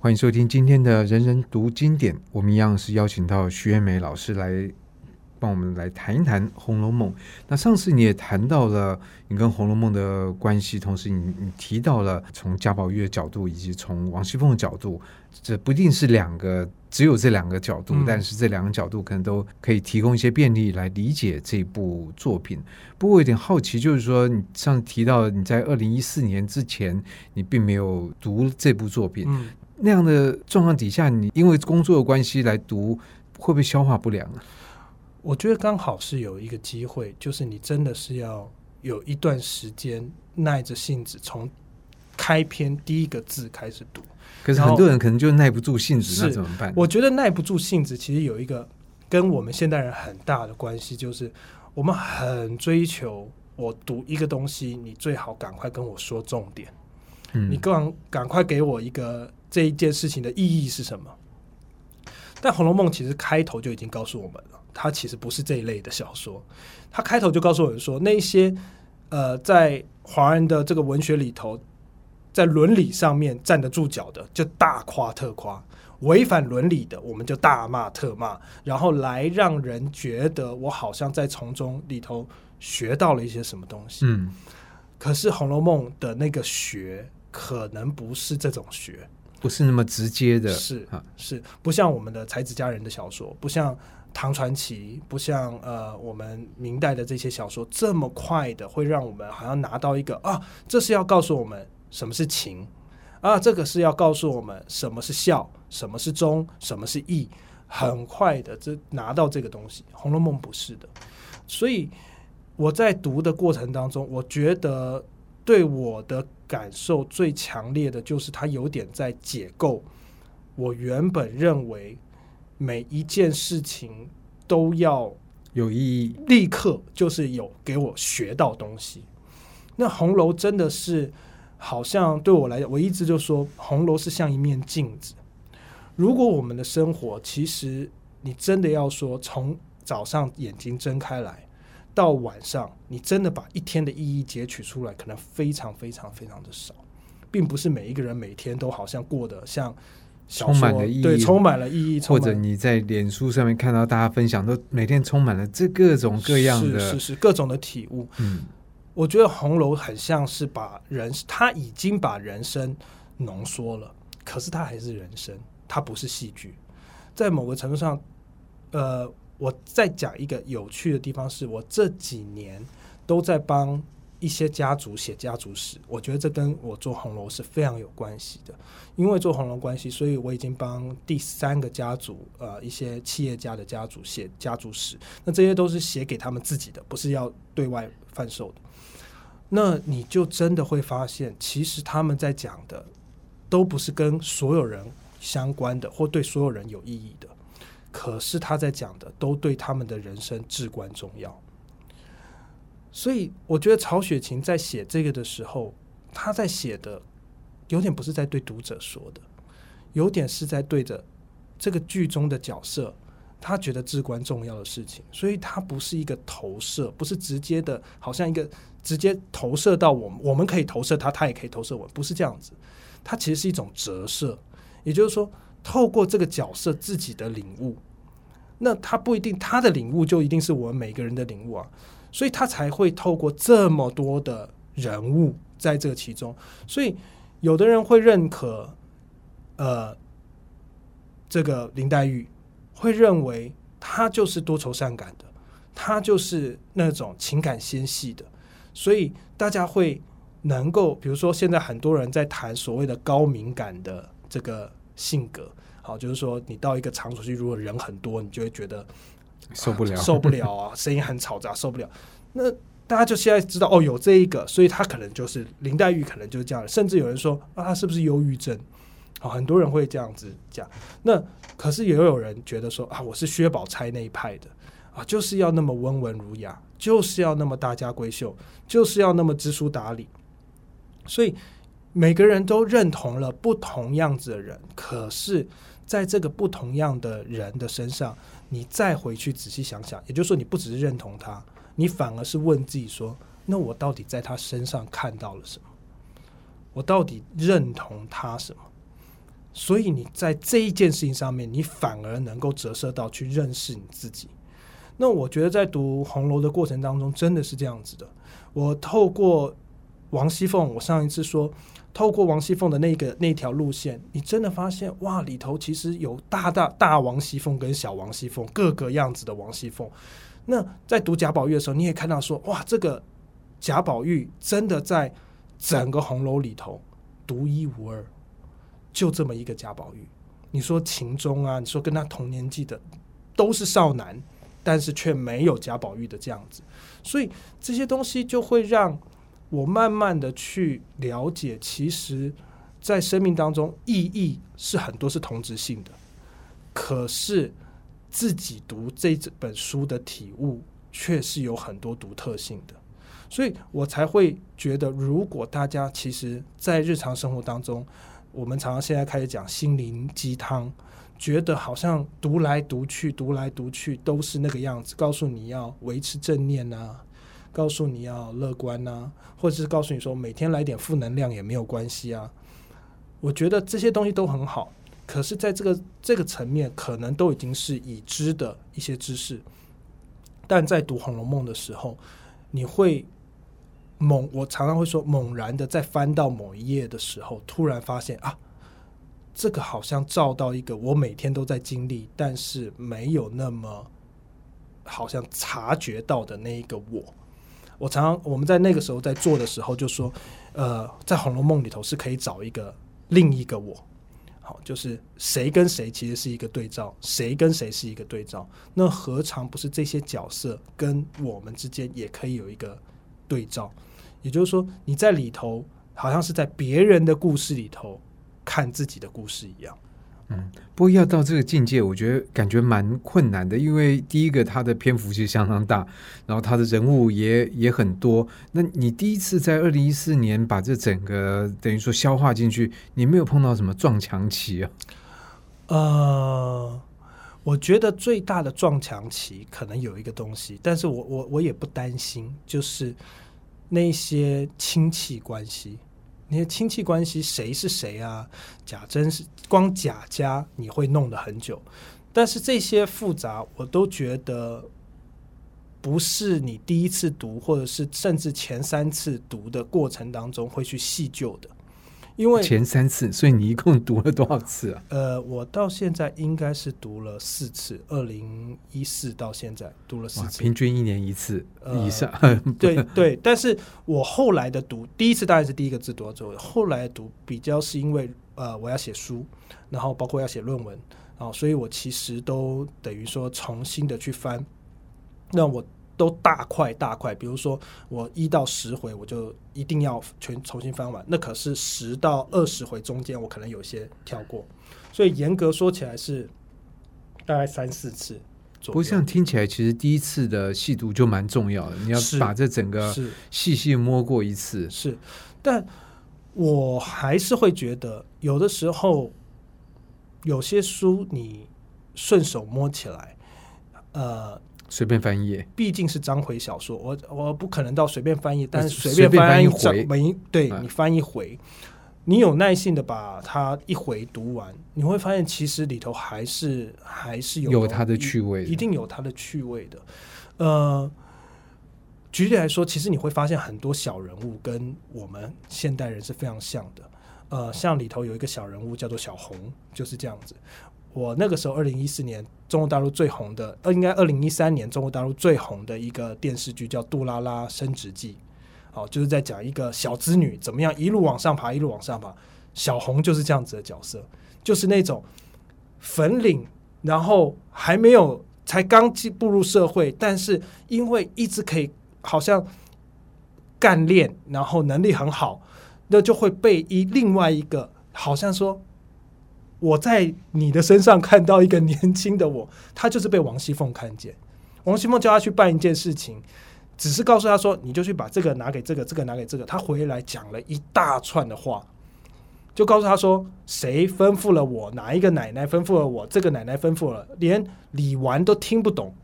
歡迎收聽今天的人人讀經典。我們一樣是邀請到徐硯美老師來幫我們來談一談《紅樓夢》。那上次你也談到了你跟《紅樓夢》的關係，同時你你提到了從賈寶玉的角度，以及從王熙鳳的角度，這不一定是兩個，只有這兩個角度，但是這兩個角度可能都可以提供一些便利來理解這部作品。不過我有點好奇，就是說你上次提到你在二零一四年之前你並沒有讀這部作品，嗯那樣的狀況底下，你因為工作的關係來讀，會不會消化不良啊？我覺得剛好是有一個機會，就是你真的是要有一段時間耐着性子，從開篇第一個字開始讀。可是很多人可能就耐不住性子，後是那怎麼辦？我覺得耐不住性子，其實有一個跟我們現代人很大的關係，就是我們很追求我讀一個東西，你最好趕快跟我說重點，嗯、你更趕快給我一個。這一件事情的意義是什麼？但《紅樓夢》其實開頭就已經告訴我們了，它其實不是這一類的小說。它開頭就告訴我們說，那些呃，在華人的這個文學裡頭，在倫理上面站得住腳的，就大誇特誇；違反倫理的，我們就大罵特罵，然後來讓人覺得我好像在從中裡頭學到了一些什麼東西。嗯，可是《紅樓夢》的那個“學”，可能不是這種“學”。不是那麼直接的，是、啊、是不像我們的才子佳人的小說，不像唐傳奇，不像呃我們明代的這些小說，這麼快的會讓我們好像拿到一個啊，這是要告訴我們什麼是情啊，這個是要告訴我們什麼是孝，什麼是忠，什麼是義，很快的這拿到這個東西，《紅樓夢》不是的，所以我在讀的過程當中，我覺得。對我的感受最強烈的就是，他有點在解構我原本認為每一件事情都要有意義，立刻就是有給我學到東西。那紅樓真的是好像對我來講，我一直就說，紅樓是像一面鏡子。如果我們的生活，其實你真的要說，從早上眼睛睜開來。到晚上，你真的把一天的意義截取出來，可能非常非常非常的少，並不是每一個人每天都好像過得像小說充滿了意義，對，充滿了意義，或者你在臉書上面看到大家分享都每天充滿了這各種各樣的，是是是各種的體悟。嗯，我覺得《紅樓》很像是把人，他已經把人生濃縮了，可是他還是人生，他不是戲劇，在某個程度上，呃。我再講一個有趣的地方是，我這幾年都在幫一些家族寫家族史，我覺得這跟我做紅樓是非常有關係的，因為做紅樓關係，所以我已經幫第三個家族呃一些企業家的家族寫家族史，那這些都是寫給他們自己的，不是要對外販售的。那你就真的會發現，其實他們在講的都不是跟所有人相關的，或對所有人有意義的。可是他在講的都對他們的人生至關重要，所以我覺得曹雪芹在寫這個的時候，他在寫的有點不是在對讀者說的，有點是在對着這個劇中的角色，他覺得至關重要的事情。所以他不是一個投射，不是直接的，好像一個直接投射到我們，我們可以投射他，他也可以投射我們，不是這樣子。他其實是一種折射，也就是說，透過這個角色自己的領悟。那他不一定，他的領悟就一定是我們每個人的領悟啊，所以他才會透過這麼多的人物在這個其中，所以有的人會認可，呃，這個林黛玉會認為她就是多愁善感的，她就是那種情感纖細的，所以大家會能夠，比如說現在很多人在談所謂的高敏感的這個性格。好，就是說，你到一個場所去，如果人很多，你就會覺得受不了，啊，受不了啊，聲音很嘈雜，受不了。那大家就現在知道，哦，有這一個，所以他可能就是林黛玉，可能就是這樣。甚至有人說，啊，他是不是憂鬱症？啊，很多人會這樣子講。那可是也有人覺得說，啊，我是薛寶釵那一派的啊，就是要那麼溫文儒雅，就是要那麼大家閨秀，就是要那麼知書達理。所以每個人都認同了不同樣子的人，可是。在這個不同樣的人的身上，你再回去仔細想想，也就是說，你不只是認同他，你反而是問自己說：那我到底在他身上看到了什麼？我到底認同他什麼？所以你在這一件事情上面，你反而能夠折射到去認識你自己。那我覺得在讀紅樓的過程當中，真的是這樣子的。我透過……王熙鳳，我上一次說，透過王熙鳳的那個那條路線，你真的發現哇，裡頭其實有大大大王熙鳳跟小王熙鳳，各個樣子的王熙鳳。那在讀賈寶玉的時候，你也看到說，哇，這個賈寶玉真的在整個紅樓裡頭嗯、獨一無二，就這麼一個賈寶玉。你說秦鐘啊，你說跟他同年紀的都是少男，但是卻沒有賈寶玉的這樣子，所以這些東西就會讓。我慢慢的去了解，其實，在生命當中意義是很多是同質性的，可是自己讀這本書的體悟卻是有很多獨特性的，所以我才會覺得，如果大家其實，在日常生活當中，我們常常現在開始講心靈雞湯，覺得好像讀來讀去，讀來讀去都是那個樣子，告訴你要維持正念啊。告訴你要樂觀吶、啊，或者是告訴你說每天來點負能量也沒有關係啊。我覺得這些東西都很好，可是在這個這個層面，可能都已經是已知的一些知識。但在讀《紅樓夢》的時候，你會猛，我常常會說猛然的，在翻到某一頁的時候，突然發現啊，這個好像照到一個我每天都在經歷，但是沒有那麼好像察覺到的那一個我。我常常我們在那個時候在做的時候，就說，呃，在《紅樓夢》裡頭是可以找一個另一個我，好，就是誰跟誰其實是一個對照，誰跟誰是一個對照，那何嘗不是這些角色跟我們之間也可以有一個對照？也就是說，你在裡頭好像是在別人的故事裡頭看自己的故事一樣。嗯，不過要到這個境界，我覺得感覺蠻困難的，因為第一個它的篇幅是相當大，然後它的人物也也很多。那你第一次在二零一四年把這整個等於說消化進去，你沒有碰到什麼撞牆期啊？呃，我覺得最大的撞牆期可能有一個東西，但是我我我也不擔心，就是那些親戚關係。那些親戚關係，誰是誰啊？假真是光賈家，你會弄得很久。但是這些複雜，我都覺得不是你第一次讀，或者是甚至前三次讀的過程當中會去細究的。因為前三次，所以你一共讀了多少次啊？呃，我到現在應該是讀了四次，二零一四到現在讀了四次，平均一年一次、呃、以上。 對對，但是我後來的讀，第一次當然是第一個字讀到最後，後來的讀比較是因為呃，我要寫書，然後包括要寫論文啊，所以我其實都等於說重新的去翻，那我。都大塊大塊，比如說我一到十回，我就一定要全重新翻完。那可是十到二十回中間，我可能有些跳過，所以嚴格說起來是大概三四次左右。不過這樣聽起來，其實第一次的細讀就蠻重要的，你要把這整個細細摸過一次，是是。是，但我還是會覺得，有的時候有些書你順手摸起來，呃。隨便翻譯，畢竟是章回小說，我我不可能到隨便翻譯，但是隨便翻譯一回，沒對、啊、你翻一回，你有耐心的把它一回讀完，你會發現其實裡頭還是還是有有它的趣味的，一定有它的趣味的。呃，舉例來說，其實你會發現很多小人物跟我們現代人是非常像的。呃，像裡頭有一個小人物叫做小紅，就是這樣子。我那個時候，二零一四年中國大陸最紅的，呃，應該二零一三年中國大陸最紅的一個電視劇叫《杜拉拉升職記》，哦,就是在講一個小資女怎麼樣一路往上爬，一路往上爬。小紅就是這樣子的角色，就是那種粉領，然後還沒有才剛進步入社會，但是因為一直可以好像幹練，然後能力很好，那就會被一另外一個好像說。我在你的身上看到一個年輕的我，他就是被王熙鳳看見。王熙鳳叫他去辦一件事情，只是告訴他說，你就去把這個拿給這個，這個拿給這個。他回來講了一大串的話，就告訴他說，誰吩咐了我？哪一個奶奶吩咐了我？這個奶奶吩咐了，連李紈都聽不懂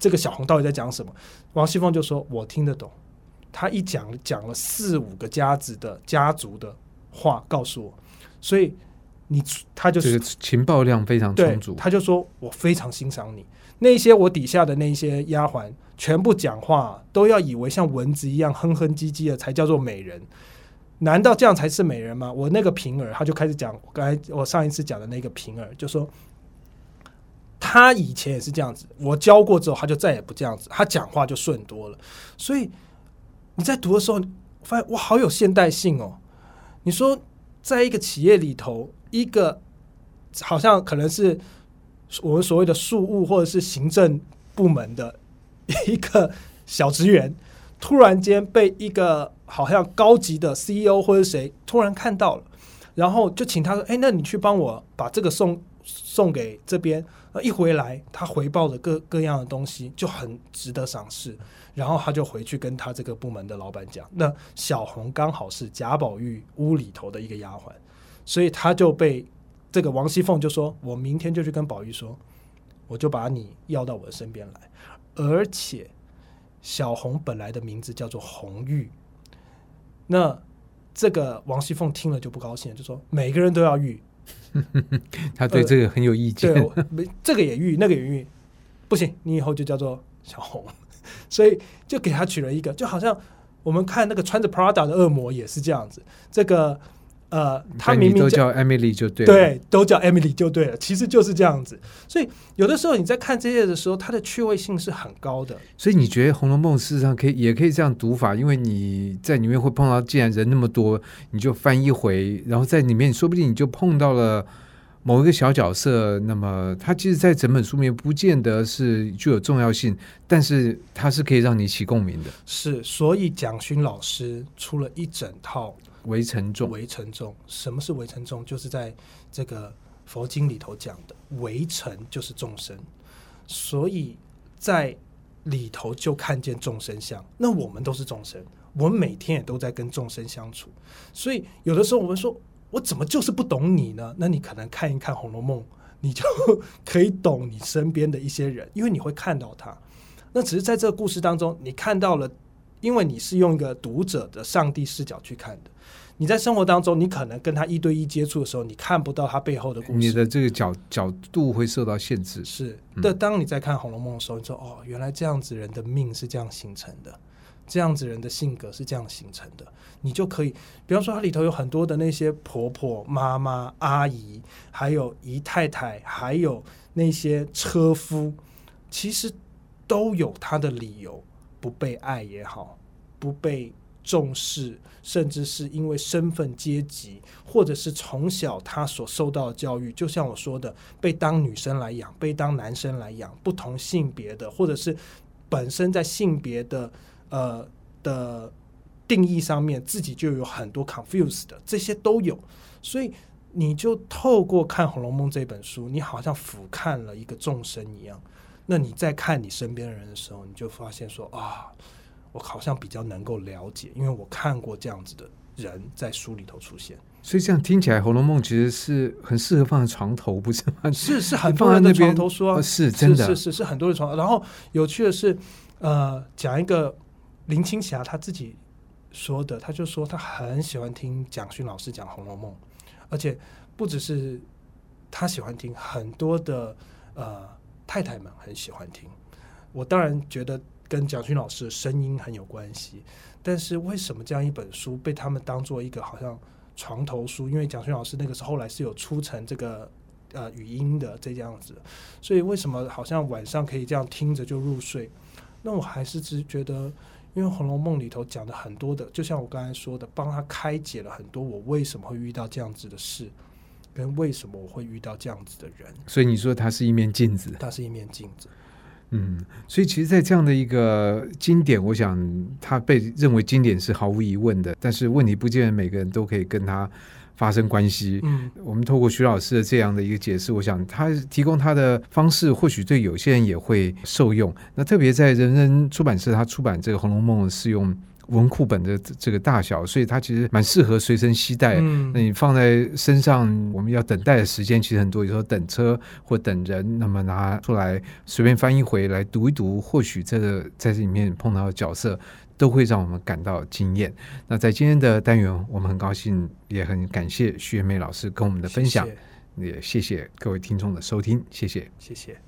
這個小紅到底在講什麼。王熙鳳就說，我聽得懂。他一講，講了四五個家子的家族的話，告訴我，所以。你他就是情報量非常充足，他就說：“我非常欣賞你。那些我底下的那些丫鬟，全部講話都要以為像蚊子一樣哼哼唧唧的才叫做美人。難道這樣才是美人嗎？”我那個平兒，他就開始講，剛才我上一次講的那個平兒，就說他以前也是這樣子，我教過之後，他就再也不這樣子，他講話就順多了。所以你在讀的時候，發現我好有現代性哦、喔。你說，在一個企業裡頭。一個好像可能是我們所謂的庶務或者是行政部門的一個小職員，突然間被一個好像高級的 CEO 或者誰突然看到了，然後就請他說：“哎，那你去幫我把這個送送給這邊。”一回來，他回報的各各樣的東西就很值得賞識，然後他就回去跟他這個部門的老板講。那小紅剛好是賈寶玉屋裡頭的一個丫鬟。所以他就被這個王熙鳳就說：“我明天就去跟寶玉說，我就把你要到我的身邊來。”而且小紅本來的名字叫做紅玉，那這個王熙鳳聽了就不高興，就說：“每個人都要玉。呵呵，他對這個很有意見。呃”對，這個也玉，那個也玉，不行，你以後就叫做小紅。所以就給他取了一個，就好像我們看那個穿着 Prada 的惡魔也是這樣子，這個。呃，他明明叫，叫 Emily 就對了，對，都叫 Emily 就對了，其實就是這樣子。所以有的時候你在看這些的時候，它的趣味性是很高的。所以你覺得《紅樓夢》事實上可以也可以這樣讀法，因為你在裡面會碰到，既然人那麼多，你就翻一回，然後在裡面，說不定你就碰到了某一個小角色。那麼他其實，在整本書裡面不見得是具有重要性，但是他是可以讓你起共鳴的。是，所以蔣勳老師出了一整套。微塵眾，微塵眾。什麼是微塵眾？就是在這個佛經裡頭講的，微塵就是眾生，所以在裡頭就看見眾生相。那我們都是眾生，我們每天也都在跟眾生相處，所以有的時候我們說，我怎麼就是不懂你呢？那你可能看一看《紅樓夢》，你就可以懂你身邊的一些人，因為你會看到他。那只是在這個故事當中，你看到了。因為你是用一個讀者的上帝視角去看的，你在生活當中，你可能跟他一對一接觸的時候，你看不到他背後的故事。你的這個角角度會受到限制。是。但、嗯、當你在看《紅樓夢》的時候，你說：“哦，原來這樣子人的命是這樣形成的，這樣子人的性格是這樣形成的。”你就可以，比方說，它裡頭有很多的那些婆婆、媽媽、阿姨，還有姨太太，還有那些車夫，嗯、其實都有他的理由。不被愛也好，不被重視，甚至是因為身份階級，或者是從小他所受到的教育，就像我說的，被當女生來養，被當男生來養，不同性別的，或者是本身在性別的呃的定義上面，自己就有很多 confused 的，這些都有。所以，你就透過看《紅樓夢》這本書，你好像俯瞰了一個眾生一樣。那你在看你身邊的人的時候，你就發現說啊，我好像比較能夠了解，因為我看過這樣子的人在書裡頭出現。所以這樣聽起來，《紅樓夢》其實是很適合放在床頭，不是嗎？是，是很放在床頭說、哦、是真的，是是是，是很多人的床。然後有趣的是，呃，講一個林青霞他自己說的，他就說他很喜歡聽蔣勳老師講《紅樓夢》，而且不只是他喜歡聽，很多的呃。太太們很喜歡聽，我當然覺得跟蔣勳老師的聲音很有關係，但是為什麼這樣一本書被他們當做一個好像床頭書？因為蔣勳老師那個時候後來是有出成這個呃語音的這樣子，所以為什麼好像晚上可以這樣聽着就入睡？那我還是只是覺得，因為《紅樓夢》裡頭講的很多的，就像我剛才說的，幫他開解了很多我為什麼會遇到這樣子的事。跟為什麼我會遇到這樣子的人？所以你說他是一面鏡子，他是一面鏡子。嗯，所以其實，在這樣的一個經典，我想他被認為經典是毫無疑問的，但是問題不見得每個人都可以跟他發生關係。嗯，我們透過徐老師的這樣的一個解釋，我想他提供他的方式，或許對有些人也會受用。那特別在人人出版社，他出版這個《紅樓夢》是用。文庫本的這個大小，所以它其實蠻適合隨身攜帶。嗯、那你放在身上，我們要等待的時間其實很多，有時候等車或等人，那麼拿出來隨便翻一回來讀一讀，或許這個在這裡面碰到的角色都會讓我們感到驚艷。那在今天的單元，我們很高興，也很感謝徐硯美老師跟我們的分享，謝謝，也謝謝各位聽眾的收聽，謝謝，謝謝。